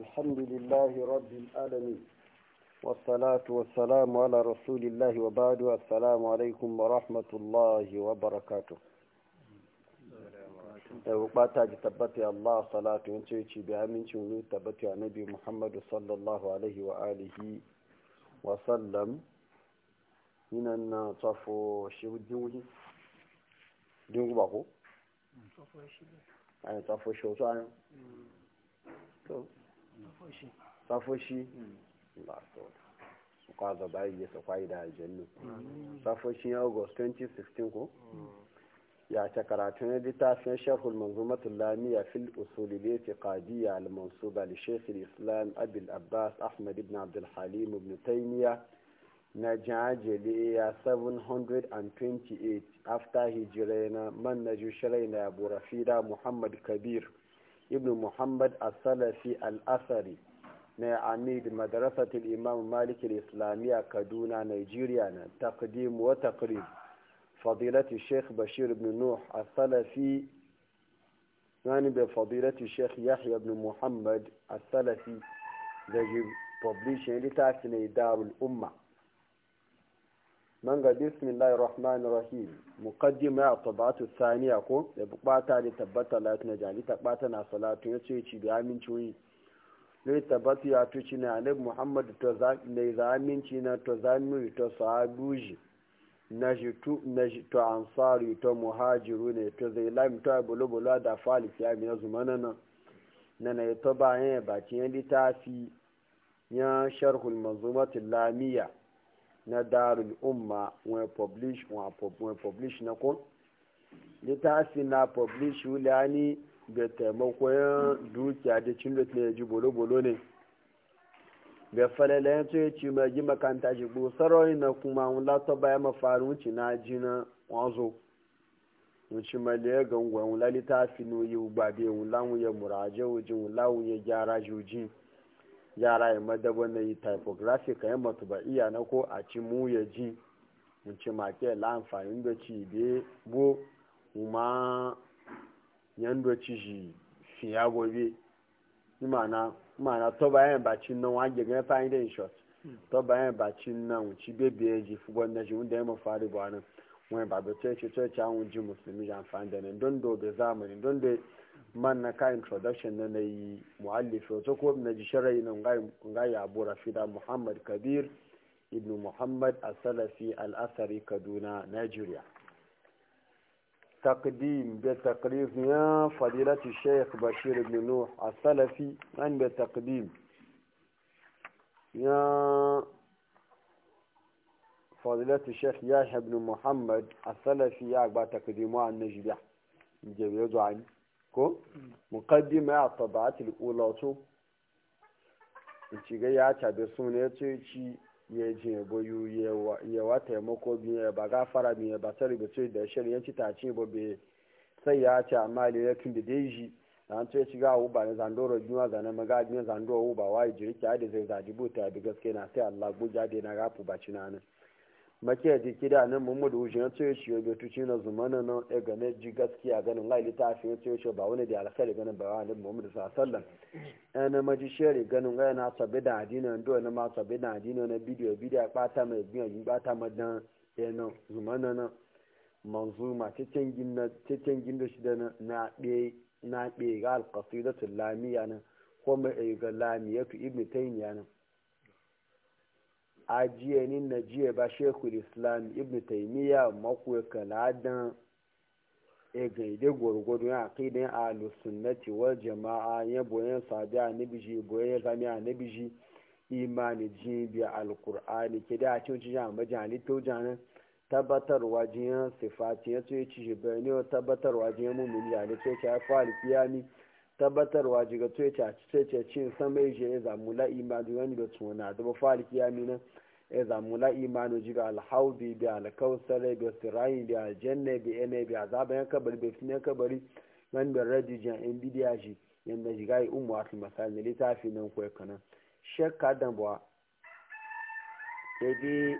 الحمد لله رب العالمين والصلاة والسلام على رسول الله وبعد السلام عليكم ورحمة الله وبركاته tabbata Allah salatu wance ci bi amincin wani tabbata nabi Muhammadu sallallahu wa alihi wa sallam safoshi ba so su kwaza bayi ya sakwai da aljannu safoshin august 2016 ko hmm. ya ce karatun littafin shafin manzumatun lamiya fil usuli da yake kadiya almansu ba da shekul islam abil abbas ahmad ibn abdulhalim ibn taimiya na jajele ya 728 after hijira na man na jushirai na abu rafida muhammad kabir ibn muhammad asalafi alasari al-asari na amid madrasatul imam malik islamiyya kaduna nigeria na taqdim wa taqrib fadilati sheikh bashir ibn nuh as-salafi yani yahya ibn muhammad asalafi salafi da publishing littafi ne darul umma من قال بسم الله الرحمن الرحيم مقدمة الطبعات الثانية كو بقاتا لتبتا لا تنجالي تباتا نا صلاة يتشيشي بآمين شوي lai tabbata ya tuci na alif muhammad da zaminci na to zamiri to sahabuji na shi to ansari ta muhajiru ne to zai lami to bulubula da falif ya mina zumana na na na ya bayan ya bakin littafi ya sharhul mazumatin lamiya na darul umma wọn publish wọn publish na kun littafi na publish wulani ga taimakon dukiya da cin da ji bolo-bolo ne da falalayen to ya ci mai ji makanta shi bu sarari na kuma wun lato baya mafarin wuce na ji na wazo wuce maliya gangon wula littafi no yi ba wula wuye muraje wula wuye gyara jujin yara ya madaba na yi typographic ba iya na ko a ci mu ya ji mun ci make la amfani da ci be bo kuma yan do ci shi fiya gobe imana imana to bayan bacin nan wa ge gan fa'in da in short to bayan bacin nan mu ci bebe ya ji fu gwanda shi wanda ya mu fari ba nan wani babu ce ce ce ce an ji musulmi ya amfani da nan don do be zamani don do man na ka introduction na na yi mu'allif wato ko na ji sharayi na nga ya abu rafida muhammad kabir ibn muhammad asalafi al'asari kaduna nigeria تقديم بتقرير يا فضيلة الشيخ بشير بن نوح السلفي عن بتقديم يا فضيلة الشيخ يحيى بن محمد السلفي يا بتقديم عن نجدة جبيدو عنه ko muqaddima at-tabaatil ula wato ciga ya cabe suna ya ci ya je boyu ya wa taimako biya ba gafara biya ba sai da ce da shari'a ci ta ce ba be sai ya ce amma ya da deji an ce ci ga uba ne zandoro juma ga na maga ne zandoro uba wai jiri ki zai zaji gaske na sai Allah na gafu ba ci na nan makiya jiki da nan muhammadu wuce na tsoye ciyo bai tuci na zumana nan ya gane ji gaskiya ganin lai littafi ya tsoye ciyo ba wani da alkhairi ganin ba wani muhammadu sa sallan na maji shari ganin gaya na sabi da adina ndo na ma sabi da adina na bidiyo bidiyo bata mai biyan yi bata madan na zumana na manzuma cikin gindo shi da na ɗaya ga alkasidatun lamiya nan ko mai eh, ga lamiyatu ibn taymiya nan ajiye na jiye ba shekul islam ibn taimiyya makwai kaladan e gaide gwargwado ya akidan ahlus sunnati wal jama'a ya boyen sabi anabiji boyen zami nibiji imani ji bi alkur'ani ke da cin ci jama'a majali to janan tabbatarwa jiyan sifati ya ce ci bayani tabbatarwa jiyan mummuni ya ne ce ya fa alqiyami tabbatarwa jiga tuwace ce cin san mai je ya zamu la imanu wani da tuna da ba fali kiya nan ya zamu la imanu jiga alhaudi bi alkausare bi sirayi bi aljanna bi ene bi azaba yan kabari bi yan kabari nan da radijan in bidiya shi yanda jiga yi umu wasu misali ne littafi nan kuwa kanan shekka dan ba ya bi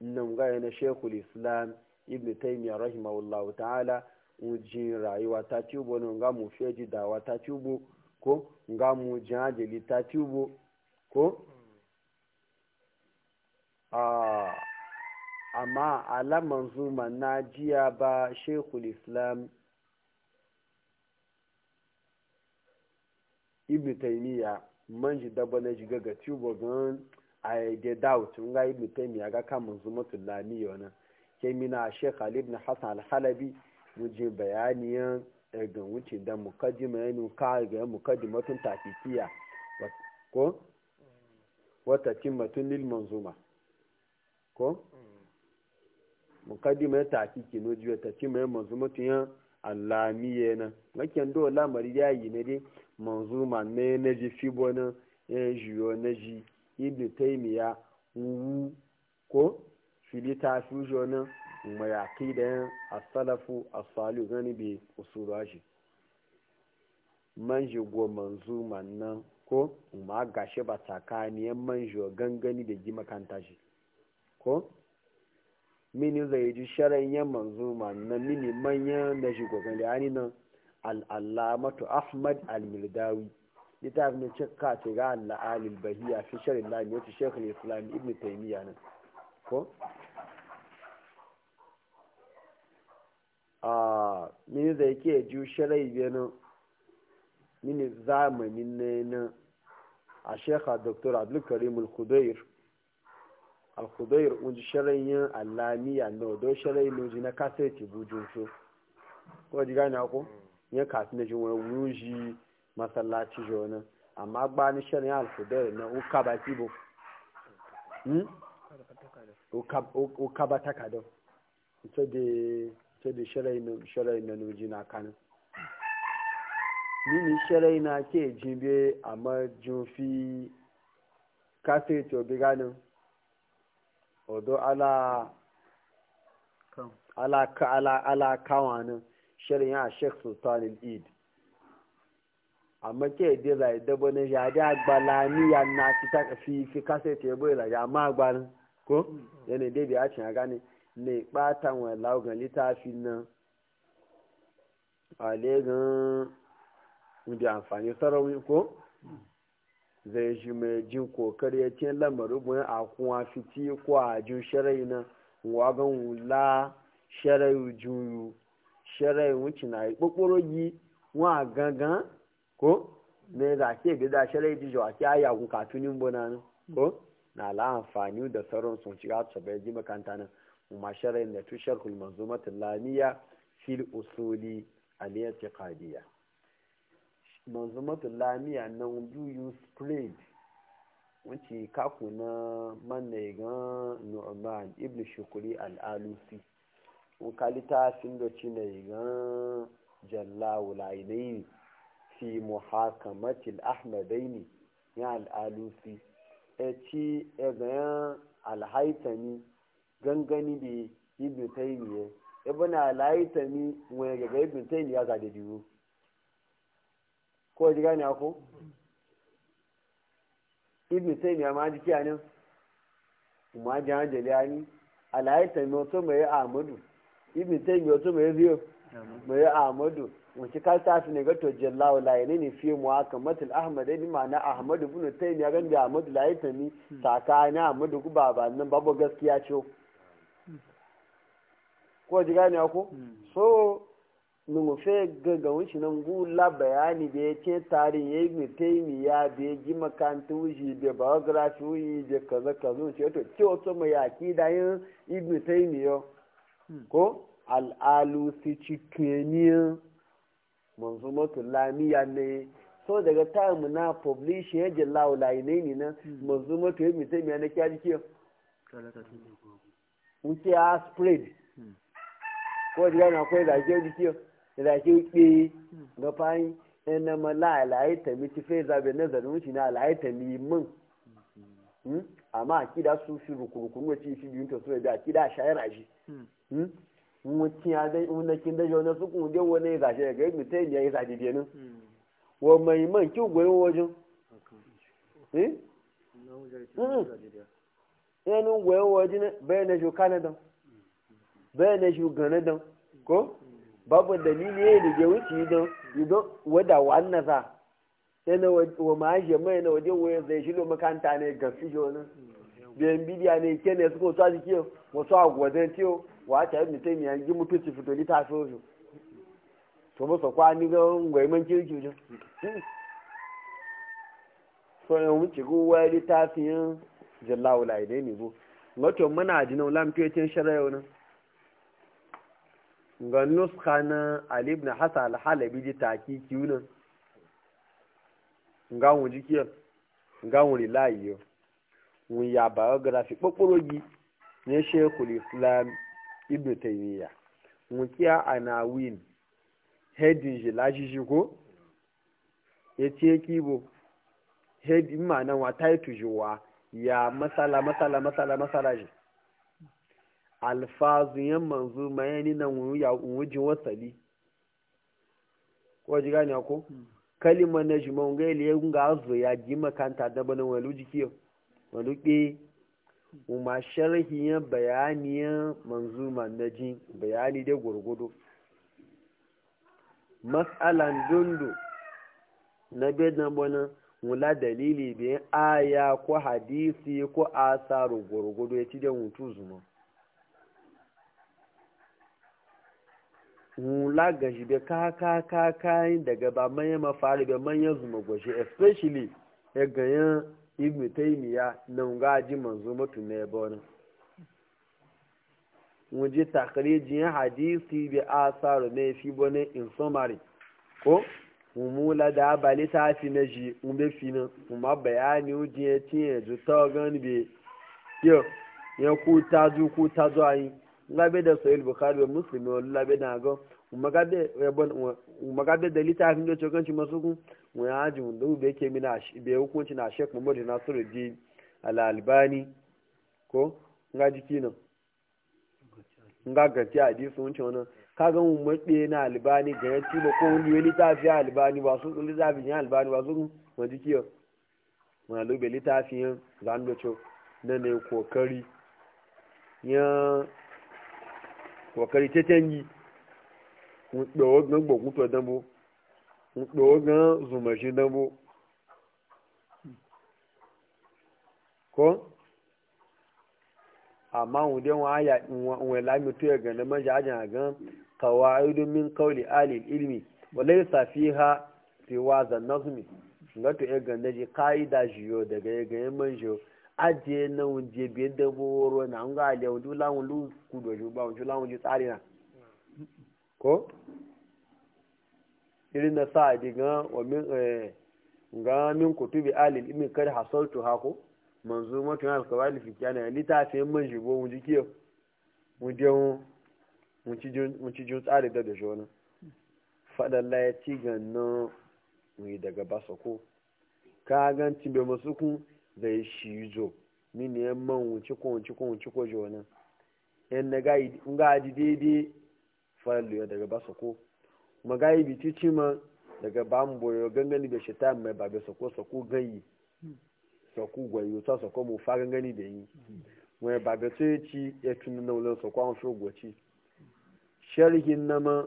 nan gaya na shekul islam ibn taimiyar rahimahullahu ta'ala mujin rayuwa ta tubo no nga mu ji dawa ta tubo ko nga mu ajali ta tubo ko a ah, amma alaman zuma na jiya ba shekul islam ibn taimiya man ji daba na jiga ga tubo gan a yage doubt nga ibn taymiya ga kamun zuma tulani yana kemina shekh ali ibn hasan alhalabi. wajen bayaniyan ga wuce da mukaddima yanu ka ga tun tafiya ko wata tun lil manzuma ko mukaddima ya kike no jiya ta cimma manzuma ya alamiye na makin do lamari ya yi ne dai manzuma ne na ji fibo na ya jiyo na ji ibn taymiya wu ko filita fujo na kuma ya a asalafu asali gani bi usura shi man manzu mannan ko ma gashe ba tsakaniyan man jigo gangani da ji makanta shi ko mini zai ji sharayen manzu mannan mini manyan da jigo gani ani nan al'allamatu ahmad al-mildawi littafin ne ka ce ga al'alil bahiya fi sharin lami wata shekul islam ibn taimiyya nan ko a mini zai ke ju shirai benin mini zamanin ne na a shekha dr abdulkarim al-khudair al-khudair unji shirai yin alamiya na odo shirai loji na kaseti bujun so ko ji gani ako mm. yin kasi na jin wani wuji masallaci jona amma gba ni shirai al-khudair na uka ba kibo uka hmm? ba takadon ita da sai da na nuji na kanin mini shirai na ke jibe a majofi kasirci obi ganin odo ala ala kawanin shirin ya sheikh sultan al-eid amma ke de zai dabo ne ya da agbala ni ya na fi fi kasirci ya bai ya ma ko mm. yana bi a cin a ne ɓatan wa laugan littafin nan a legan da amfani sarauni ko zai ji mai jin kokari ya ce lamarin bayan a kuma fiti ko a jin sharai na wagon wula sharai juyu sharai wuce na yi kokoro yi wa gangan ko ne za da ke gida sharai ji jawa ke aya kun katunin bana ko na la amfani da sauran sun shiga su bai ji makanta nan masharar na tushar hulmanzumatin lamiya fil usuli al-i'tiqadiyya manzumatin lamiya na wujuyu spread wuce kaku na manne gan nu'man ibn shukuri al-alusi wukalita sun doci na gan jallawul ainihi fi muhakamatil ahmadaini ya al-alusi e ci e gayan alhaitani gangani da ibn taymiya ibn alaitami wani gaga ibn taymiya ga da biyu ko ji gane ako ibn taymiya ma jikiya ne ma ji hanjali ani alaitami wato mai amadu ibn taymiya wato mai riyo mai amadu wace kalta su ne gato jallawa layani ne fiye mu haka matul ahmad ne na ahmadu bin taymiya gan da ahmadu laitami tsakanin ahmadu ku baba nan babu gaskiya ce ko ji gane ko hmm. so ga gaga wuce nan la bayani da ya ce tarin ya yi mutaimi ya da ya ji makanta wuce da biography wuce da kaza kaza wuce to ce mu ya ki da yin ibn taimi yau hmm. ko al'alu su cikiniyar manzumatu lamiya ne so daga time na publish ya ji laulayi ne ne na hmm. manzumatu ya mutaimi ya na kyaji kiyo wuce a spread ko diga na ko da ke diki da ke ke ga fani inna ma la alayi ta mi ti fe za be nazarin wuci na ilaha ta mi mun hmm? amma akida su shi rukurukun wace shi biyun to so da akida shayar aji mutum hmm? ya dai wanda kin da jona su kun dai wani ga shi ga mu tayi yayi zaje denin hmm. wa mai man ki goyin wajin eh eh nun goyin wajin bayan da jo Canada bayan shi gane don ko babu dalili ya da wuce don idan wada wa annasa na wa ma'aje mai na waje wayan zai shilo makanta ne ga shi nan biyan bidiya ne ke ne suka sa jike wasu agwazan ciwo wa ta yi mutum ya yi mutunci fitoli ta so shi to ba su kwani ga gwaiman kirki jo so yan wuce gowa littafin jallawula idai ne bo wato muna jinan lamfiyocin shara'a nan ga nuska na alib na hasa alhalabi ji taki kiwunan nga wọn jikiyar nga wọn rilayiyo wọn ya biography kpokporogi ne shekul islam ibn taymiya wọn kiya win, hedin shi lashishi ko ya ce kibo hedin ma nan wa taitu shi wa ya masala masala masala masala shi alfazu yan manzu mayani nan wujin wasali ko ji gani ko hmm. kalimar na shi mun gaili ya ga azu ya ji makanta da bana walu jiki walu ke kuma sharhiyan bayaniyan manzuma na ji bayani da gurgudu matsalan dundu na bedan bana wula dalili bayan aya ko hadisi ko asaru gurgudu ya ci da mutu zuma wula ga ka ka ka daga ba manya mafari manya zuma gwashi especially ya ganyen ibn taimiya na nga ji manzo mutu na yabo nan waje takarijin hadisi bi asaru ne fi bane in summary ko umula da abali ta fi na ji umbe fi na kuma bayani ujiyar cinye ju ta gani be yau ya ku ta zu ku ta yi labe da bukhari wa muslim wa labe da go magabe yabon magabe da litafin da cokanci masu kun mu ya ji mun dubu be hukunci na Sheikh Muhammad Nasiruddin Al-Albani ko nga jiki nan nga gati hadisi wancan wannan kaga mun mabe na Albani ga yati ba ko wani litafi Albani ba su jiki kokari teten yi un do gan gbogun to dambo un do gan zuma shi dambo ko amma un den wa ya un la mi ga na manja ajan gan ilmi wa laysa fiha fi wazan nazmi ngato e jiyo daga ajiye na wunje biyar da boro na an ga aliya wuje lawon lu da ju ba wuje lawon tsari na ko irin na sa diga wa min eh ga min kutubi alil imi kar hasaltu hako manzumatu na alkawali fi kana litafi man jibo wuje kiyo wuje ci ju tsari da da jona fadalla ya ci ganna mu daga basako ka ganci bai masu kun zai shi zo mini yan man wuce ko wuce ko wuce ko na ga ga ji ya daga basu ko magayi bi tici ma daga bamu boyo gangani da shaitan mai babe sako sako gayi sako gwayo ta sako mu fa gangani da yi ci ya na wulan sako an sharhin na ma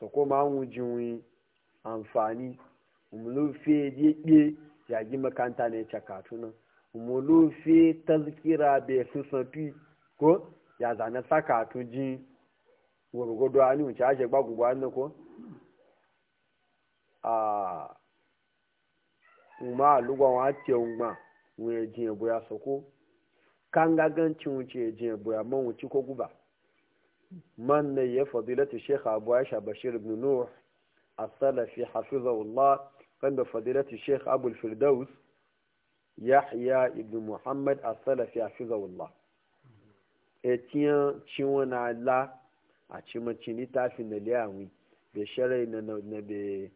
sako ma an wujin amfani je yagi makanta ne cakatu nan mulufi tazkira bai susafi ko ya zane sakatu ji gwargwado a ni wuce ashe gbagugwa annan ko a ma alugon wace ngba wuye jiye boya soko kan gagancin wuce jiye boya man wuce ko guba man ne ya fadilatu shekha abu aisha bashir ibn nuh السلفي salafi hafizahullah sanda فضيلة sheikh abul firdaus yahya ibn muhammad as-salafi hafizahullah etiyan ciwon na la a cimacin littafin da liyawi da sharai na na be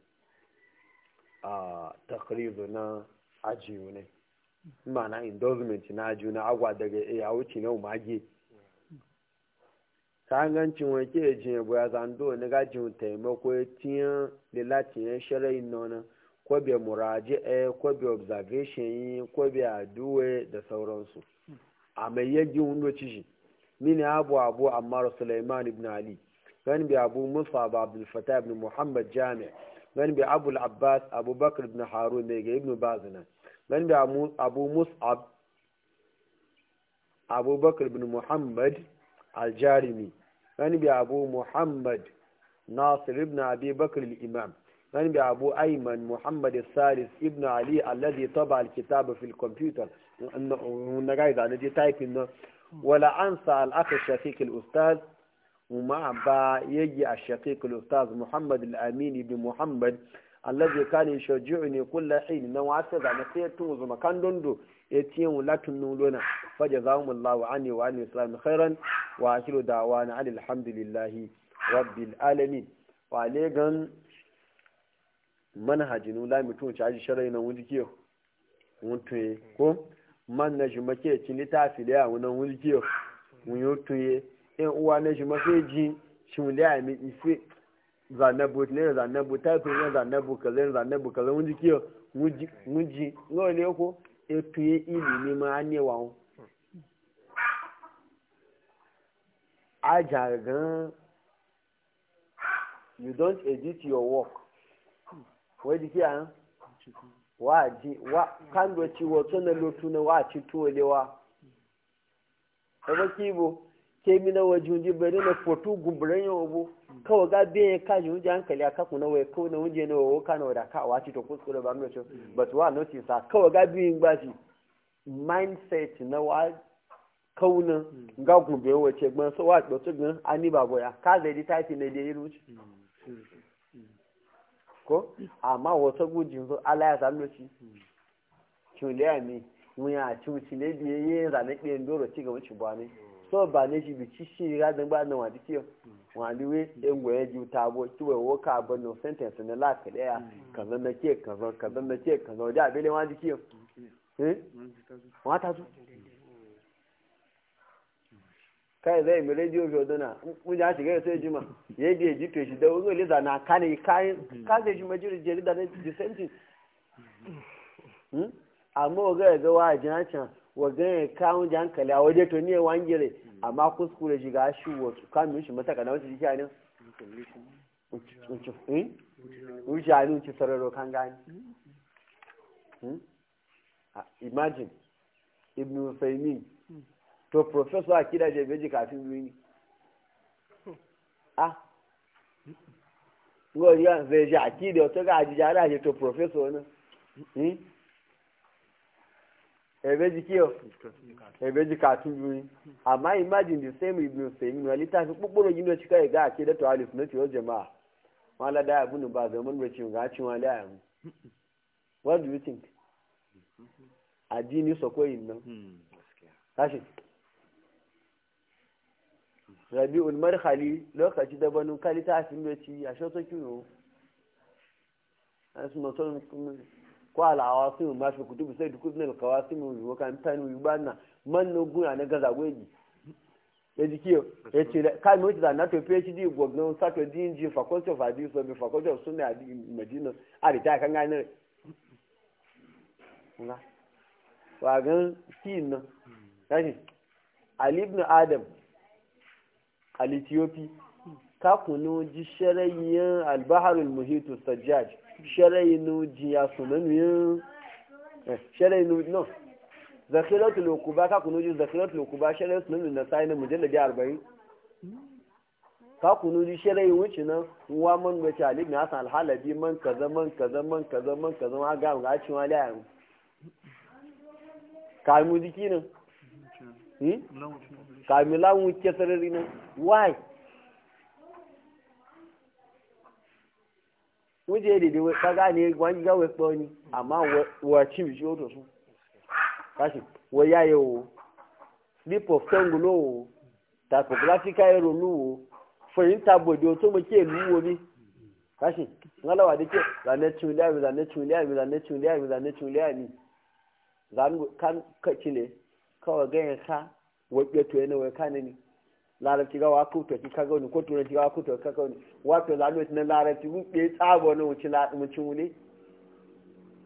a takrizu na ajiyu ne ma'ana endorsement na ajiyu na agwa daga ya wuce na umage kangancin wake ya jiya buya zando na gajin taimako ya tiyan lilatin ya sharai na kwabe muraje kwabe observation yi kwabe aduwe da sauransu a mai yagin wando shi mini abu abu ammar suleiman ibn ali gani bi abu ba abdul fata ibn muhammad jami gani bi abu abbas abu bakar ibn harun mai ga ibn bazina gani bi abu musab bakar ibn muhammad aljarimi gani bi abu muhammad nasir ibn abi bakar imam من بأبو أيمن محمد الثالث ابن علي الذي طبع الكتاب في الكمبيوتر ونقايد أنا يعني دي تايب إنه ولا أنسى الأخ الشقيق الأستاذ ومع با يجي الشقيق الأستاذ محمد الأمين بن محمد الذي كان يشجعني كل حين نواسد أنا سيتوز مكان دندو يتيم لكن نولنا فجزاهم الله عني وعن الإسلام خيرا وأكل دعوانا على الحمد لله رب العالمين وعليكم manhaji nu la mutum ci aji sharai na wuri kiyo mutum ko man na shi make ci litafi da yawon nan wuri kiyo mun yi tuye yan uwa na shi make ji shi mu da mi ife zanabu ne zanabu taifin ne zanabu kaza zanabu kaza wuri kiyo mun ji ngawa ne ko etuye ilimi ma a an yi wawon ajagan you don't edit your work wai oh, jiki oh, oh, a wa ji wa kan do ci wo tsana lotu na wa ci to lewa e ba ki bo ke mi na waju ji be na foto gumburan yo bo ka wa ga be ka ji unja hankali aka ku na wai ko na unje na wo ka na da ka wa ci to kuskure ba mu ce but wa no ci sa ka wa ga bi mindset na wa kauna ga gumbe wace gban so wa do tsugun ani baboya ka da di type ne iru ko amma wata gujin zo ala ya zalo ci ya ne wuya cuci ne biye yi zane ɗayan doro ci gaba ba ne so ba ne shi bici shi ga dan ba nan wadi kiyo wadi we en goye ju tabo kiwe wo ka ba no sentence ne la kaza na ke kaza kaza na ke kaza da bele wadi kiyo eh kai zai mi radio jodona mun ja shiga sai juma ya biye jito shi da wani liza na kane kai ka zai juma jiri jeri da the same thing amma waga ga wa jinacan waga ya kawo jankali a waje to ne wangire amma kuskure shiga shi wasu kamun shi mata kana wasu jikiya ne wuce hmm? a nuci sararo kan gani hmm? ah, imagine ibn usaimin to professor akida jebeji kafin biyu ne a ngọ́ yíyá zai jẹ́ àkídẹ̀ ọ̀tọ́ ká professor náà ẹ̀bẹ́jì kí ọ ẹ̀bẹ́jì biyu ni imagine the same ibn sèmi wọn fi púpọ̀rọ̀ yìí lọ́ọ́ ṣíkà ìgá àkídẹ̀ tó alif náà tí ó jẹ̀ máa wọn aládàá àbúnú bá àzọ̀ what do you think àdínní sọ pé rabi'ul marhali lokaci da banu kali ta asin beci a shoto kiwo an su mutum ko alawa sun ma shi kutubu sai duk ne kawa sun mu yiwa kan tani yi bana man no guna na gaza gweji ya jiki ya ce ka mi wuce zanna to phd gwagnon sato dng faculty of adi so mi faculty of sunna madina a rita kan gane wa gan tin nan kashi ali ibn adam al-ethiopi kakunu ji sharayin albaharul muhitu sajjaj sharayin ji ya sunanu sharayin no zakiratul lokuba kakunu ji zakiratul lokuba sharayin sunanu na sai na mujallabi arba'in kakunu ji sharayin wuce nan wa man wace alibi hasan alhalabi man kaza man kaza man kaza man kaza ma ga ga cin wali ayu kai mu jiki nan kamila wuce sarari nan why wuje da da kaga ne wani ga wai tsoni amma wa cin bi shoto su kashi wa yaye wo slip of tongue lo typographical error lo fahimta bodo to mu ke wo bi kashi ngalawa da ke zane tuliya mi zane tuliya mi zane tuliya mi zane tuliya mi zan ne wabe to yana wai kane ni larabci ga wa kuto ki kaga wani ko turanci ga wa kuto ka kaga ni wato lalo na larabci mun be tsabo ne wuci la mun cin wule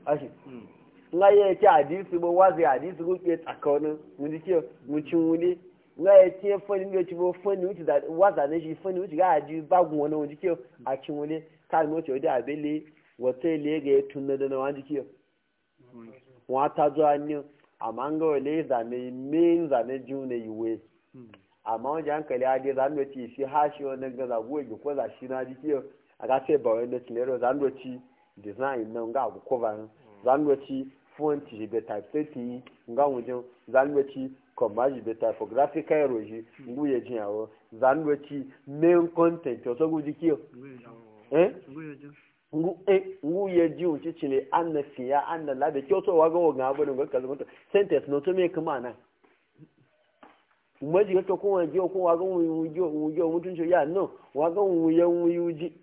ashi hmm. nga ye ti hadisi bo wazi hadisi ko be tsakona mun ji ke mun cin wule nga ye ti fani ne ti bo fani wuci da waza ne shi fani wuce ga haji bagun wani wuce ke a cin wule ka mu ce da abele wata ile ga tunna da na wani ke wata hmm. zuwa zo ne amma an gawa ne zane min zane june yiwe hmm. amma wani hankali ya dai zan doci shi ha wani ga zaguwa ga ko za e shi na ji kiyo a ga sai ba na da cinero zan design na ga abu ko ban zan doci font ji be typesetting nga wujin zan doci commerce be typographical error ji ngu ye jin yawo zan doci main content to so guji kiyo eh nguye eh, ji cici ne an na fiya an na labe kyoto wa gawo ga abu da gwaka zumunta sentence no to me kuma nan mgbe ga ko wa jiyo ko wa gawo mu jiyo ya no wa gawo ya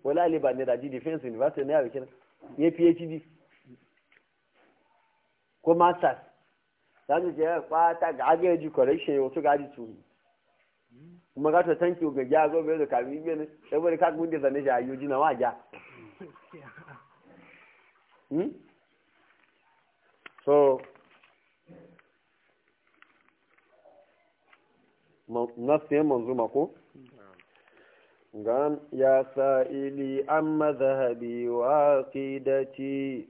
wala ne da defense university na ya kina ye phd ko masters je kwa ga ga ji correction ga kuma ga to thank you ga ya go be da kabi ne saboda ka gunde zane ja yuji na yeah. hmm? so nasu yin manzu mako gan ya sa’ili an mazahabi wa ƙidaci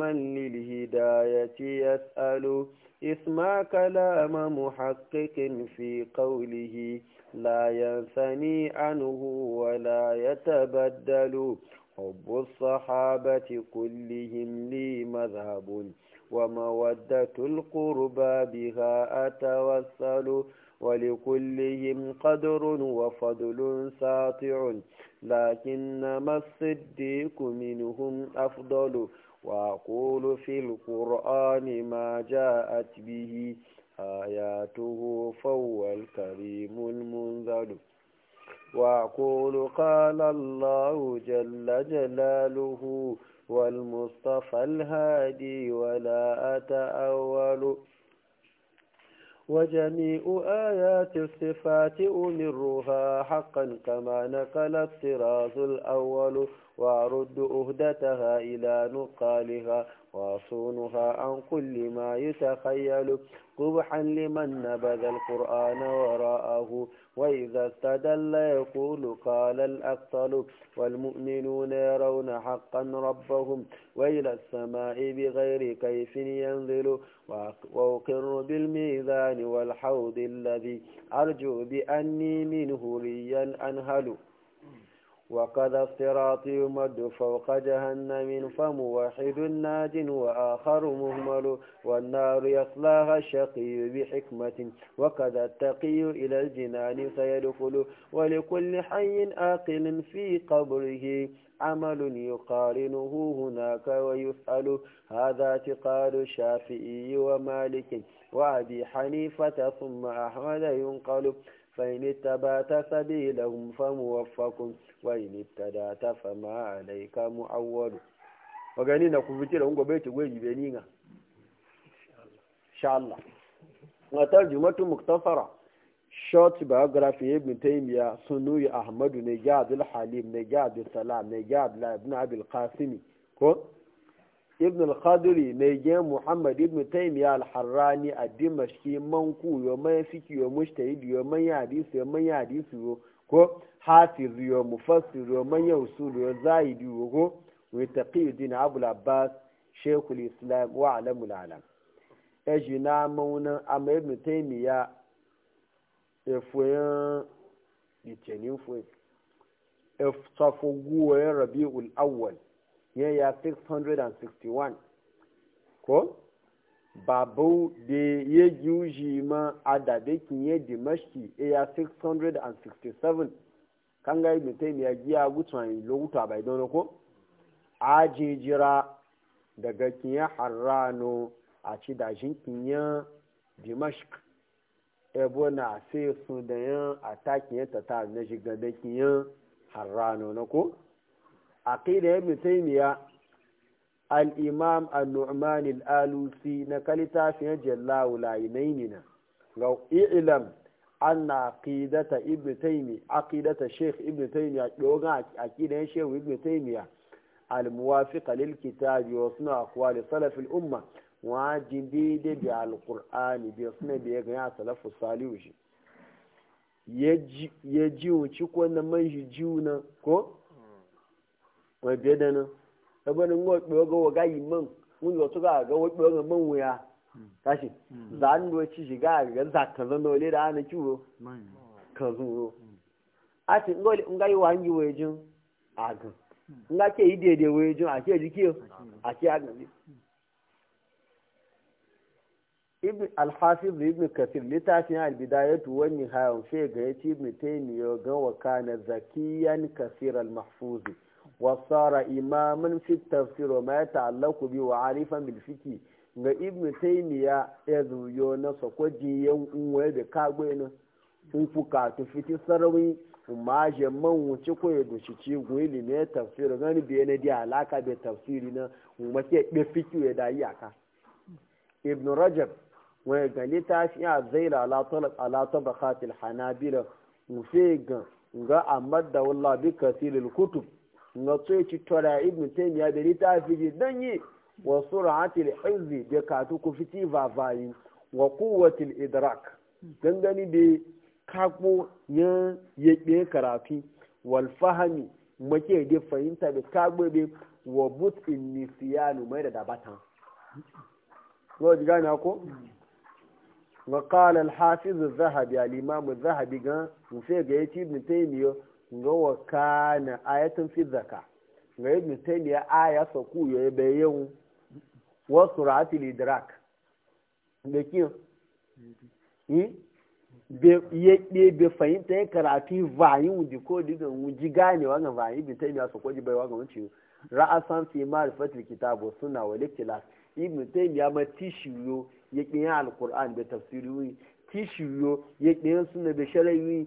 man lilhida ya ci ya tsalo isma kalama mu haskakin fi ƙaulihi لا ينثني عنه ولا يتبدل حب الصحابة كلهم لي مذهب ومودة القربى بها أتوسل ولكلهم قدر وفضل ساطع لكنما الصديق منهم أفضل وأقول في القرآن ما جاءت به آياته فهو الكريم المنذر وأقول قال الله جل جلاله والمصطفى الهادي ولا أتأول وجميع آيات الصفات أمرها حقا كما نقل الطراز الأول وأرد أهدتها إلى نقالها وأصونها عن كل ما يتخيل قبحا لمن نبذ القرآن وراءه وإذا استدل يقول قال الأقتل والمؤمنون يرون حقا ربهم وإلى السماء بغير كيف ينزل وأقر بالميزان والحوض الذي أرجو بأني منه ريا أنهل وقد الصراط يمد فوق جهنم فموحد ناج وآخر مهمل والنار يصلاها الشقي بحكمة وقد التقي إلى الجنان سيدخل ولكل حي آقل في قبره عمل يقارنه هناك ويسأل هذا اعتقاد الشافعي ومالك وأبي حنيفة ثم أحمد ينقل فإن اتبعت سبيلهم فموفق وإن ابتدعت فما عليك معول وغني نكفتي لهم بيت ويجي بينينا إن شاء الله وترجمة مختصرة short biography ibn taymiya sunuyi ahmadu najad al-halim najad al-salam najad ibn abul qasimi ko ibn al-khadiri mai gen muhammad ibn taimiyya al-harrani a dimashki manku yo man fiki yo mushtahid yo man ya hadisi yo man hadisi yo ko hafiz yo mufassir yo man ya usul yo zahidi yo ko wa taqiyuddin abul abbas shaykhul islam wa alamul alam ejina mauna amma ibn taimiyya efoyan itenin e e fo efoguwa rabiul awwal ya sixty 661 ko babu da ya juji ma a dabe kinye e ya ya 667 kan ga ibn ya giya gutsan lokuta bai dono ko ajijira daga kinye harrano a ci dashin kinye dimashk ebo na sai su da yan a takin ta ta na shiga da kinye harrano na ko aqida ibn taymiya al-imam an-nu'man al-alusi na kalita fi jallahu lainainina ga ilam anna aqidata ibn taymi aqidata sheikh ibn taymiya dogan aqidan sheikh ibn taymiya al-muwafiqa lil kitabi wa sunna aqwali salaf al-umma wa jindide bi al-qur'ani bi sunna bi ga salaf salihu shi yaji yaji wuci ko na man shi jiuna ko ẹ̀dẹ̀ biye da nan saboda in ọgọ́ wọ́n ga waga yi man mun yi ga ga wai man wuya tashi hmm. za a nuna ci shiga ga za ka zama wale da ana kiwo ka zuro hmm. a ce in ga yi wa hangi àgàn ń gá in ga dèédé yi daidai àti jin a ke àti àgàn ke ibi alhassan bi ibi kasir littafin albidayatu wani hayan shega ya ce ibn taimiyya ga wakana zakiyan kasir al wasara imamin fi التفسير wa يتعلق به bi ga ibn taymiya ya zuyo na sokoji yan unwa da kago na sun fuka ta fiti sarawi ma je man wuce ko ya doshi ci gwili ne tafsir gani biye ne di alaka da tafsiri na kuma ke be fiqh ya dai aka ibn rajab wa ga litafi a zaila ala talab ala tabaqat al hanabila mu ga amma da wallahi bi kasiril kutub na so ci ibn taymiya da littafi ji dan yi wa sur'atil hizbi da katu ku fiti vavayi wa quwwatil idrak dangane da kako ya yake karafi wal fahmi make da fahimta da kagbe da wa but in nisiyanu mai da dabata ko ji na ko wa qala al hafiz zahabi al imam zahabi ga mu ga ibn taymiya nga wa kana ayatun fi zaka nga ibn taymiya aya so ku yo be yau wa suratul idrak da ki yi be ye be be fahimta ya karatu vayi wudi ko diga wuji gane wannan vayi ibn taymiya so ko ji bai wannan ciwo ra'asan fi ma'rifatil kitab wa sunna wal ikhtilaf ibn taymiya ma ti shi yo tishiyo ya kiyan alquran da tafsiri tishiyo ya suna sunna da shar'i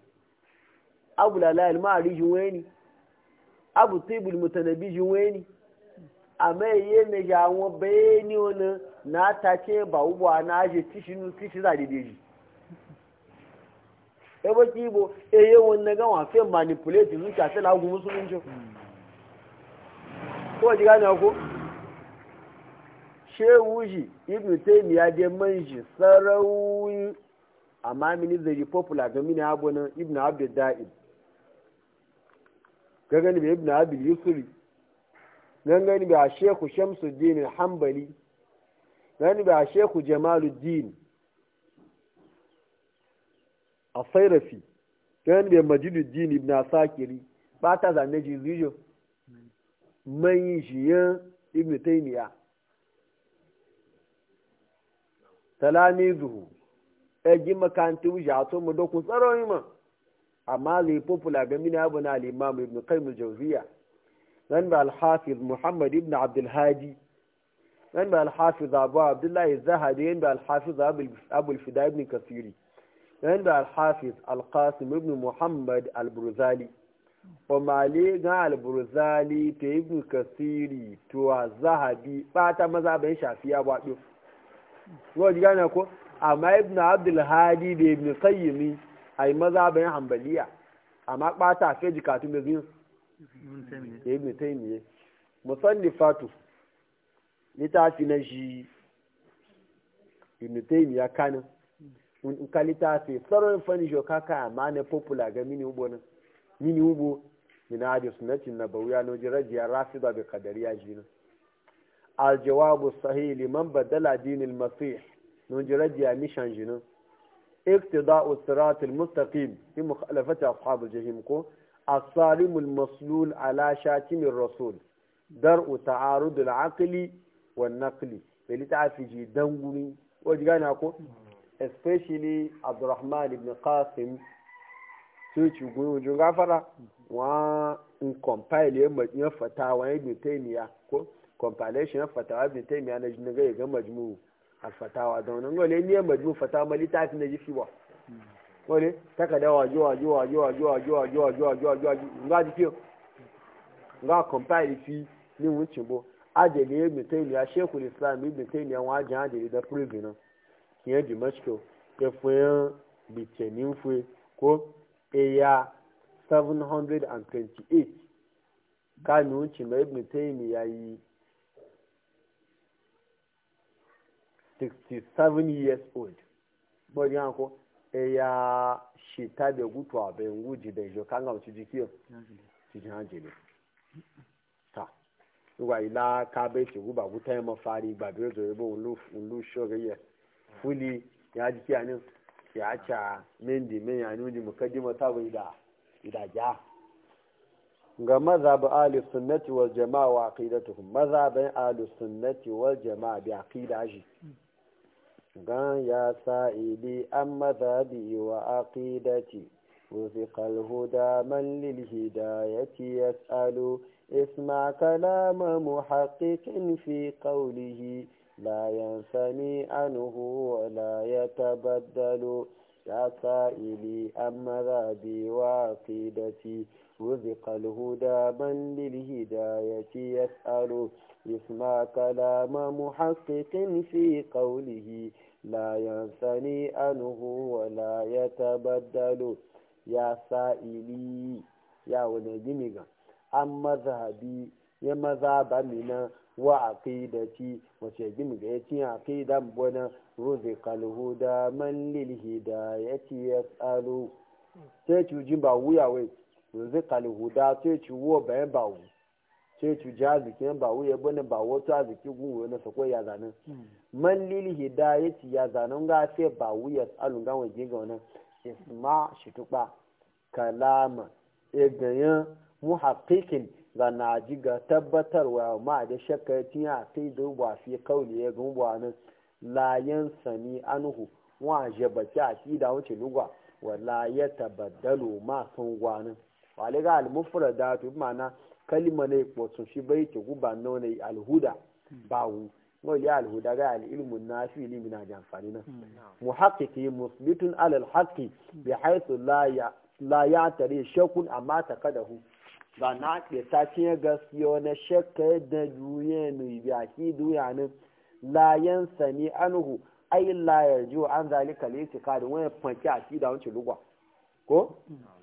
abu lalayil ma'ari jin weni abu tibul mutanabi jin weni amma yi na ja wọn bẹ́ẹ̀ ni wọn na ta ce ba ubuwa na aje tishinu tishi za da deji ebe ki bo eye wọn na gawa fe manipulate zuciya sai lagu musulunci ko ji gane ko shehu shi ibn taymiya dai man ji sarauni amma mini zai popular ga mini abu na ibn abdul da'im gangani bai ibn abil yusri gangani bai shehu shamsuddin hanbali gangani bai shehu jamaluddin sairafi gangani bai majiduddin ibn asakiri ba ta zane jizijo mai shiyan ibn taymiya zuhu egi makanti wujato mu dokun tsaron yi ma amma zai popular ga mini abu na al'imam ibn qayyim jauziya nan ba alhafiz muhammad ibn Abdulhaji. nan ba alhafiz abu abdullahi zahadi yan ba alhafiz abu alfida ibn kasiri nan ba alhafiz alkasim ibn muhammad al-burzali male ga al-burzali ta ibn kasiri to zahabi bata maza bai shafi ba ɗo. Wani gana ko, amma ibn Abdulhaji da ibn kayyumi a yi maza bayan hambaliya amma ɓata a jikatu mai da biyu ya yi ni fatu littafi na shi ibn taimiya kanin in ka littafi tsaron fani shi kaka ma na popular ga mini ubo na mini ubo mina adi sunatin na bauya na wajen rajiyar kadari ya ji na aljawabu sahihi liman badala masu yi na wajen rajiyar mishan jinin اقتضاء الصراط المستقيم في مخالفة أصحاب الجحيم كو الصارم المسلول على شاتم الرسول درء تعارض العقل والنقل فلتعفي جي دنغني وجغانا كو especially abdurrahman ibn qasim sai ci gujin gafara wa in compile ya fatawa ibn taymiya ko compilation fatawa ibn taymiya na jin ga ga majmu' alfatawa da wani ngole ne majmu fatawa mali ta fi na ji fiwa wani taka da waje waje waje waje waje waje waje waje waje waje nga ji fiyo nga compare fi ni wucin bo ajali ya mi ya shekul islam ibn tayi ya waje ajali da prison na kiyan di mashko ya fuyan bitenin fue ko 728 e ibn ya yi 67 years old bọ́ọ̀dì yàn kó ẹ̀yà ṣètàdégútó àbẹ̀wò jìdẹ̀ ìjọ kánga òtún jí kí ọ jíjì hàn jìnnà ta nígbà ìlà kábẹ́ẹ̀tì gúbàgú tẹ́ẹ̀mọ́ fari gbàgbé òtò ìbò òǹlú ṣọ́ọ̀rẹ́ yẹ fúli yà jí kí àní yà á ṣà méǹdì méyàn àní òdì mọ̀kẹ́dìmọ̀ táwọn ìdà ìdàjà. ga mazhabin ahlus sunnati wal jama'a wa aqidatuhum mazhabin ahlus sunnati wal jama'a bi aqida shi gan ya sa'ili an mazhabi wa aqidati وفق الهدى من للهداية يسأل اسمع كلام محقق في قوله لا ينثني عنه ولا يتبدل يا سائلي أم ذابي وعقيدتي رزق الهدى من للهداية يسأل اسم كلام محقق في قوله لا ينثني أنه ولا يتبدل يا سائلي يا ونجمي أم مذهبي يا مذهب منا وعقيدتي وشجم جيتي عقيدا بنا رزق الهدى من للهداية يسأل تيجي جنبا ويا ويت yanzu da sai ci wo bayan bawu sai ci ja zikin bawu ya bane ba wata a ziki gunwo na sako ya zanen man lili hida ya zane ga sai bawu ya alun ga wani ga isma shi tuba kalama egayen haƙiƙin ga na ji ga tabbatarwa ma da shakka tiya sai duba fi kauli ya gunwa nan layan sani anhu wa jabata da wuce lugwa wala ya tabaddalu ma sun gwanin wale ga almufra da tu mana kalima ne ko sun shi bai ta guba nona alhuda bawo wa ya alhuda ga alilmu nafi ni na da amfani na hmm. muhaqqiqi musbitun ala alhaqi bi haythu la ya la ya tare shakun amma ta hu ba na ke ta cin gaskiya na shakka da ne ya ki akidu ne la sani anhu ai la yarju an zalika li da wani fanki akida wancin lugwa ko hmm.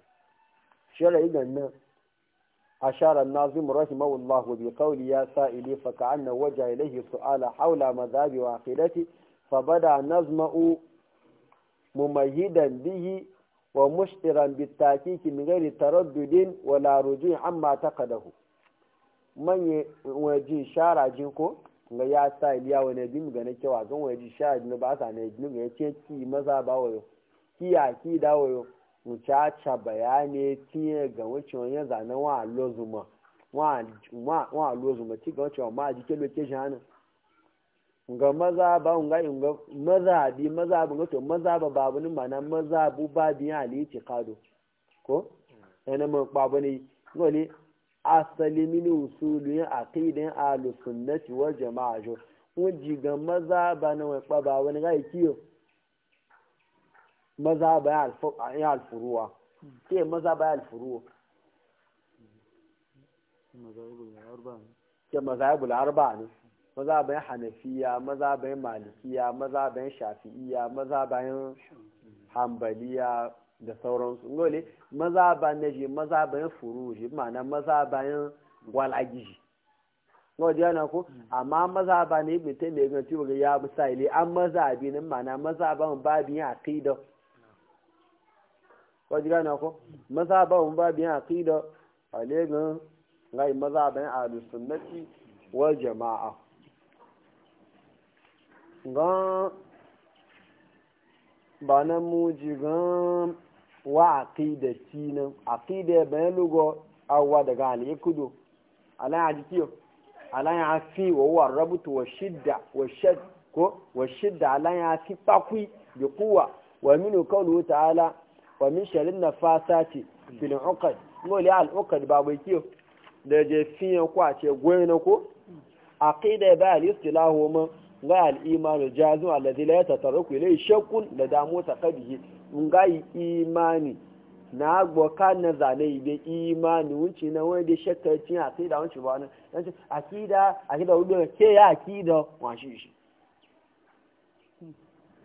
shari'i gannan أشار الناظم رحمه الله بقول يا سائلي فكأن وجه إليه سؤال حول مذاب وعقيدته فبدأ نظمه مميدا به ومشترا بالتأكيد من غير تردد ولا رجوع عما اعتقده من وجه شارع جنكو ga ya sa iliya wani abin ga na cewa zan waje sha na ba sa na jin ga ya ce ki maza ba wayo ki ya ki da wayo mucaca bayani tiye ga wacce wanya zane wa lozuma wa wa lozuma ti ga wacce ma ji ke loke shanu ga maza ba un ga yunga maza bi maza bu to maza ba babu ni mana maza bu ba bi ali ti kado ko yana mun babu ne ngoli asali min usulu ya aqidan ahlus sunnati wal jamaa jo mun ji ga maza ba nan wa pa ba wani ga kiyo maza ba ya alfuruwa ce maza ba ya alfuruwa ke maza ya bula arba ne maza bayan hanafiya maza bayan malikiya maza bayan shafi'iya maza bayan hambaliya da sauransu ngole maza ba na ji maza bayan furuji ma'ana maza bayan gwalagiji ngole yana ko amma maza ba ne ibn taymiyyah ga tiwo ya misali an maza bi nan ma'ana maza ban babin aqida kwaji gane ko maza ba mun ba biyan aqida alegan ngai maza ban ahlus sunnati wal jamaa ga ba na mu ji ga wa aqida tina aqida ban lugo awwa daga ne kudo ala ya jiyo ala ya fi wa wa rabutu wa shidda wa shad ko wa shidda ala ya fi fakwi bi quwwa wa minu qawlu ta'ala wa min sharin na fasa ce filin ukad ngoli al ukad ba bai kiyo da je fiye ko a ce goyi na ko aqida ba al istilahu ma ga al iman jazu alladhi la yatatarku ilay shakkun da damu ta kadihi ga imani na agbo kan na zane ibe imani wunci na wani da shakkar cin aqida wunci ba dan ce aqida aqida wudu ke ya aqida wa shi shi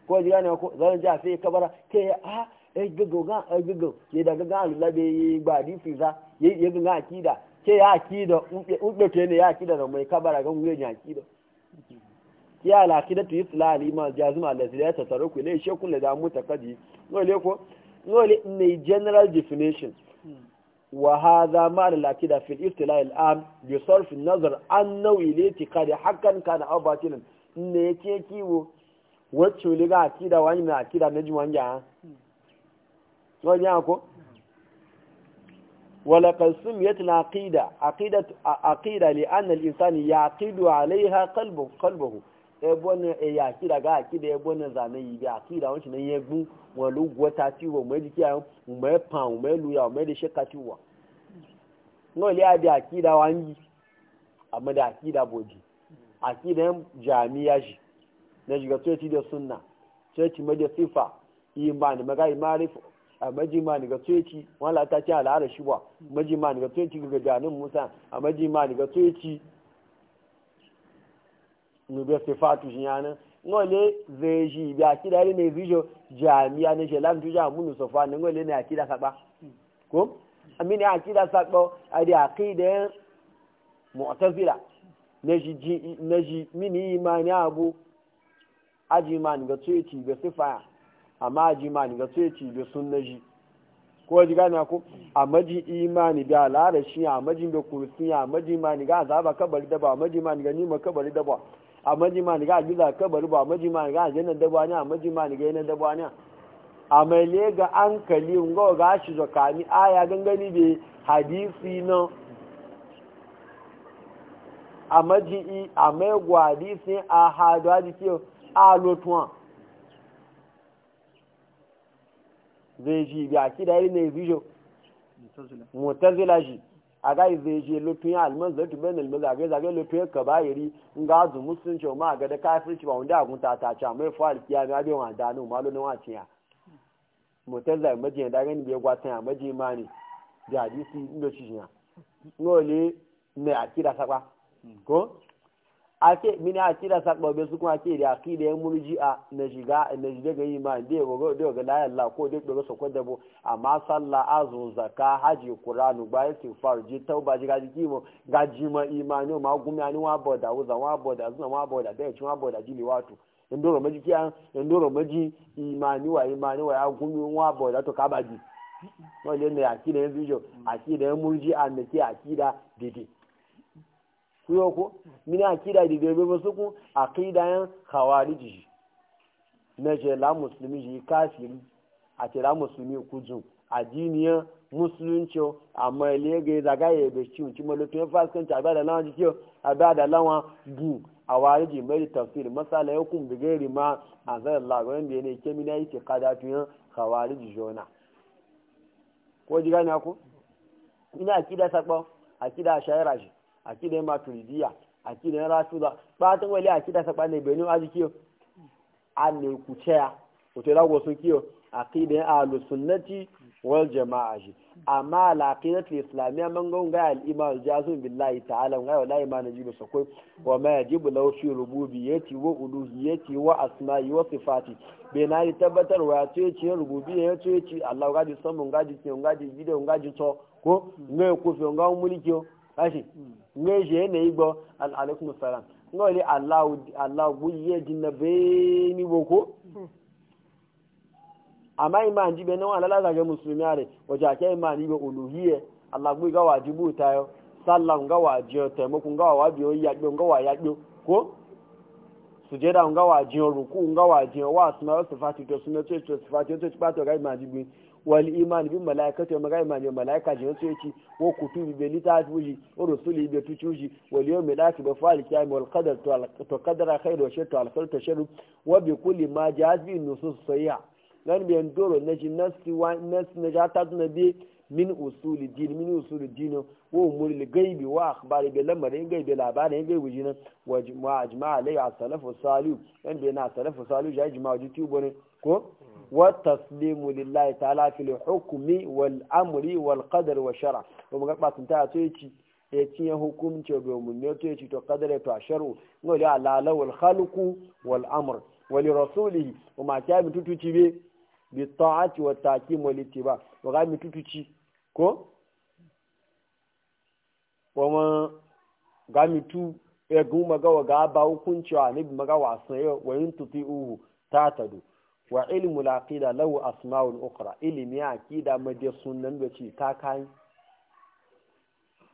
ko ji gane ko zan ji a sai kabara ke a e eh, gogo ga e eh, gogo ye da ga alu labe ye gba di fiza ye ye ga akida ke ya akida ubbe ke ne ya akida da mai kabara ga ngwe ya akida ya ala akida tu isla alima jazuma allazi la tasaruku ne shekun la da mutakadi ngole ko ngole ne general definition ma وهذا معنى الأكيد في الافتلاء الآن nazar an عن نوع الاتقاد حقا كان أو باطلا ne ke kiwo wacce liga akida wani mai akida na ji wani wajen ako walaƙar sun aƙida aƙida ne insani ya aƙidu alaiha kalbahu ebonu e, e ya aƙida ga aƙida ebonu zane yi ga aƙida wani shinan ya gbu wani lugwa ta mai jiki a mai pan mai luya mai da shekka ciwo wani da aƙida amma da aƙida boji yan jami'a na shiga tsoci da sunna tsoci mai da sifa imani a majima ni ga tsoyeci wala ta ce al'ada shi ba majima ni ga tsoyeci ga ganin musa a majima ni ga tsoyeci ni ga sifatu shi yana ngole zeji bi akida ile ne vijo jamia ne jelam tuja munu sofani ngole ne akida saba ko amini akida saba adi akida mu'tazila neji neji mini imani abu aji imani ga tsoyeci ga sifaya amma ji ma ni sai ci da sunna ji ko ji gane ko amma ji imani da larashi a amma ji da kursi amma ji ma ga azaba kabari da ba amma ji ma ga ni ma kabari da ba amma ji ma ga giza kabari ba amma ji ma ga jannan da ba ni amma ji ma ga yana da ba ni mai le ga ankali ngo ga shi zakani aya gangani be hadisi na amma ji amma gwadi sai a hadu hadisi a lotuwa zai bi a ile yi ne bijo mutazila ji a ga zai je lufin alman zartu bayan alman zage zage lufin ka ba yiri nga ga azu jo ma ga da ci ba wanda agun ta cha me fa alkiya ga bai wa da lo malo wa wacin ya mutazila maji da gani bai gwatan ya maji ma ne da hadisi inda shi ya le ne akida saba hmm. ko ake mini a kira sakba be su kuma ake da akida ya murji a na shiga na shiga ga ma da ya gogo da ga la ko da ga sokon da bo amma salla azu zakka haji kur'anu ba istighfar ji tauba ji gaji kimo gaji ma imani ma gumi ani wa boda uza wa boda zuna wa boda da ci wa boda ji li watu ndoro maji kiya ndoro maji imani wa imani wa ya gumi wa boda to ka baji wale ne akida yanzu jo da ya murji a ne akida dede kuyo ko mini akida da bebe ba suku akida yan khawariji na la musulmi ji kafiri a tira musulmi kuzu addiniyar musulunci amma ile ga zaga ya be ciwo ci malofin ya faskanta abada da lawan jikiyo abada da lawan bu a wariji mai tafsir masala ya bi gairi ma a zai lagos da ne ke mina yi ke kada tuyan khawariji jona ko ji gane ku, ina akida sakpa akida shayara ji. akida yan maturidiya akida yan rasuza batan wali akida sakwane benin aji kiyo a ne ku ceya wato rago sun kiyo akida yan ahlus sunnati wal jama'a shi amma al'aqidatu islamiyya man gon ga al-iman jazum billahi ta'ala ga wala iman jibu sako wa ma yajibu rububi fi rububiyyati wa uluhiyyati wa asma'i wa sifati na yi tabbatar wa ce ce rububi ya ce ce Allah ga ji samun ga ce ga ji to ko ngai ku fi mulki kashi ne shi yana igbo al'alaikun salam nga wale allah guye jin na beni boko amma iman ji benin wani ga musulmi are wajen ake iman ibe uluhiyye allah guye gawa jibu ta yau sallan gawa jiyo taimakon ya wabiyo yaɗo ruku wal iman bin malaikatu ma gai imani malaika je so yake wa kutubi bi lita tuji wa rusuli bi tuji wal yawmil akhir bi fa'al kiyam wal qadar to qadara khair wa sharru al khair tasharru wa bi kulli ma jaz bi nusus sayya nan bi ndoro na ji nasi wa nas na ja ta na bi min usuli din min usuli din wo umuri gaibi wa akhbari bi lamarin gaibi labarin gaibi jinan wa ajma'a alai as-salafu salih nan bi na salafu salih ja ijma'a ji tubo ne ko والتسليم لله تعالى في الحكم والأمر والقدر والشرع ومقال انتهى تاتيتي يتي حكم تبيوم نتيتي تقدر تعشروا نقول على لو والخلق والأمر ولرسوله وما كان تتوتي به بالطاعة والتعكيم والاتباع وغير متوتي كو وما غامي تو egun magawa ga ba hukunci wa ne magawa sun yi wa tuti uhu ta tadu wa ilmu laqida lahu asma'ul ukhra ilimi akida made sunan da ci ta kai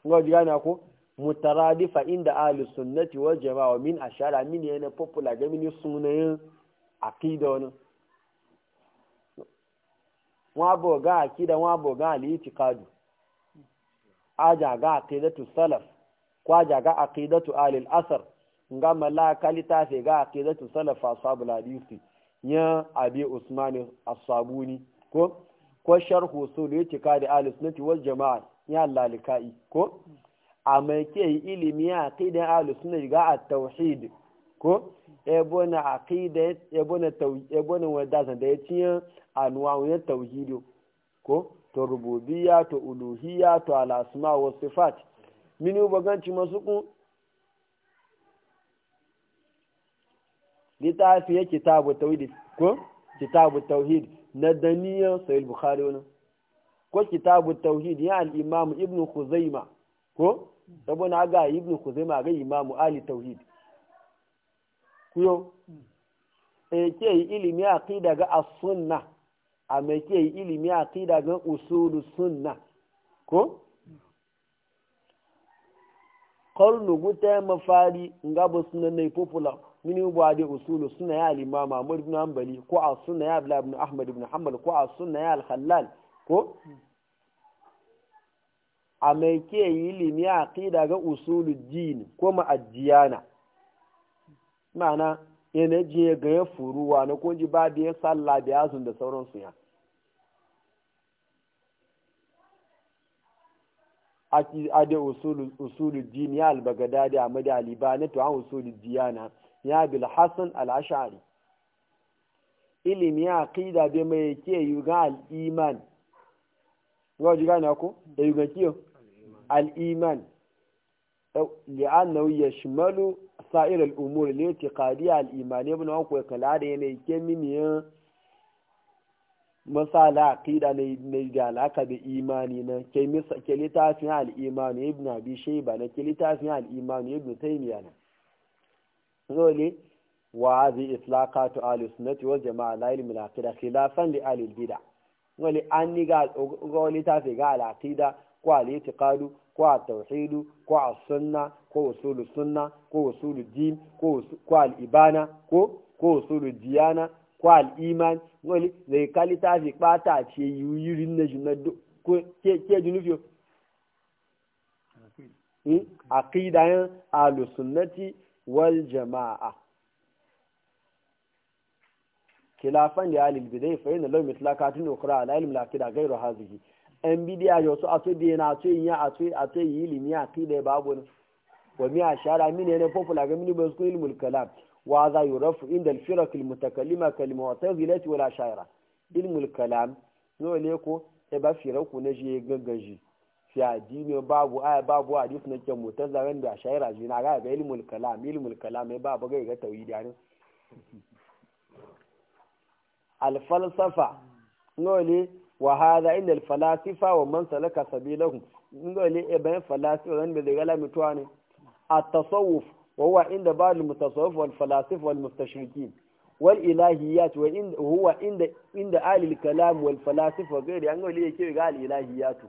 ngo digana ko mutaradifa inda ahli sunnati wal jamaa min ashara min yana popular ga min sunan akida wani wa bo ga akida wa bo ga al-i'tiqadu aja ga aqidatu salaf ko ja ga aqidatu ahli al-asr ngama la kalita ga aqidatu salaf ashabul hadith ya abi usman as-sabuni ko ko sharhu usul itikadi al-sunnati wal jamaa ya lalikai ko mai ke ilimi aqida al-sunnati ga at-tauhid ko ebona aqida ebona tauhid ebona wadaza da yace anwa'u ya tauhid ko to rububiyya to uluhiyya to al-asma wa sifat minu baganci masu littafi ya kitabu tauhid ko kitabu tauhid na daniya sahih bukhari wani ko kitabu tauhid ya al-imam ibn khuzaima ko saboda ga ibn khuzaima ga imam ali tauhid kuyo e ke ilimi aqida ga as-sunna a me ke ilimi aqida ga usulus sunna ko karnu guta mafari nga bu sunan ne popular mini ba da usulu suna ya al-imam Ahmad ibn Hanbali ko a suna ya Abdullah ibn Ahmad ibn Hanbal ko a suna ya al-Khallal ko a mai ke yi limi a aqida ga usulu din ko ma'ajiyana ma'ana yana je ga ya furuwa na ko ji ba da ya sallah da yazun da sauransu ya a usulu usulu din ya al da Ahmad Ali ba na to an usulu diyana ya bil hasan al-ash'ari ilimi aqida be mai ke yuga al-iman ga jiga na ko da yuga kiyo al-iman li'annahu yashmalu sa'ir al-umur al-i'tiqadiyya al-iman ibn akwa kala da yana ke miniya masala aqida ne ne da alaka da imani na ke misa ke litafin al-iman ibn abi shayba na ke litafin al-iman ibn taymiyyah zole wa hadhi itlaqatu ahli sunnati wal jamaa na ilimin al aqida khilafan da ahli al bid'a wali anni ta fi ga al ko al kadu ko a tauhid ko a sunna ko wasu sunna ko wasu din ko ko al ibana ko ko usul diyana ko al iman wali zai kalita fi pata ce yuyirin na jinadu ko ke ke junufio hmm? aqidayan ahli wal jama'a khilafan li alil bidai fa inna ka mitlaqatun ukhra ala ilm la kida gairu hazihi an bidiya yo so ato bi na ato yin ato ato yi ilimi akida babu ne wa mi ashara min ne popular ga min ba su al kalam wa za yurafu inda al firaq al mutakallima kal mu'tazilati wal ashaira al kalam no le ko e ba firaku ne je gaggaji fi addini babu aya babu hadith na ke mutazaran da a zina ga ga ilmul kalam ilmul kalam ba ba ga da ne al falsafa ngole wa hada inda al falasifa wa man salaka sabilahum ngole e bayan falasifa ran da lami mutuwa ne at tasawuf wa huwa inda ba al mutasawwif wal falasif wal mustashrikin wal ilahiyat wa inda huwa inda inda al kalam wal falasifa ga an ngole yake ga al ilahiyatu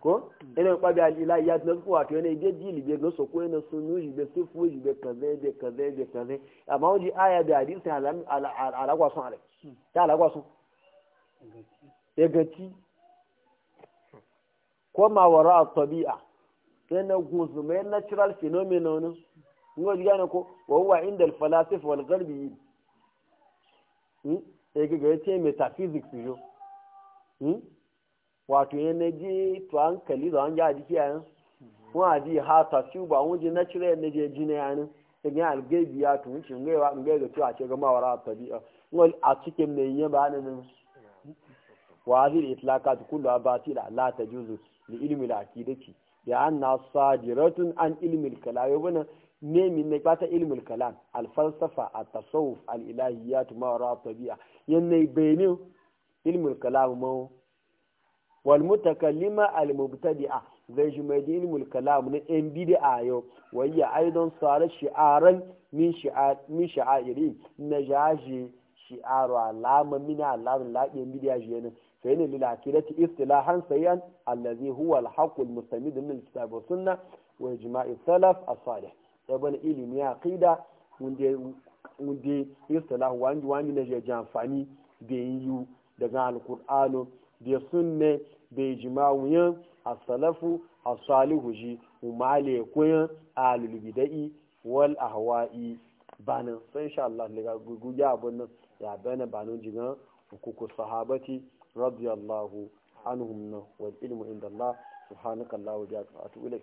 ko ina kwabi alila ya na kuwa to yana ide jili be goso ko yana sunu yi be sufu yi be kaze be kaze be kaze amma wani aya da hadisi alam alagwa sun alai ta alagwa sun ya gaci ko ma wara a tabi'a yana guzuma yana natural phenomenon ngo ji gane ko wa huwa inda al falasif wal gharbi yi ya ga yace metaphysics yo hmm? wato yin na yanaji to an hankali da an ji a jiki yayin wọn a ji ha ta su ba wọn ji na cire yanaji ji na yanin ta gina algebi ya tun shi ngaiwa ngai ga cewa ce gama wara tabi'a eh, wani a cikin mai yi ba ni nan wa zai itlaka ta kullu ba ti da Allah ta juzu da ilimin da akidati da ci da an na sa jiratun an ilimin min ne ba ta ilmi al-kalam al-falsafa at-tasawuf al-ilahiyat ma wara tabi'a yanne bayanin ilimin al-kalam ma wal mutakallima al mubtadi'a zai ji mai dini mul kalam na yan bid'a yau wayya aidan sare shi'aran min shi'a min sha'iri na jaji shi'aru alama min alamin laƙin bid'a shi ne sai ne lil akidati istilahan sayan allazi huwa al haqqul mustamid min kitab wa sunnah wa ijma'i salaf as salih ibn ilmi aqida wanda wanda istilahu wani wani ne je ji amfani da yiwu daga alqur'ano da sunne da wuyan a salafu a salihu ji umale koyan a bidai wal ahwa'i banin sun sha Allah ne ga gugu abun nan ya bana banin jigan hukuku sahabati radiyallahu anhum wal ilmu inda Allah subhanaka wa bihamdika atubu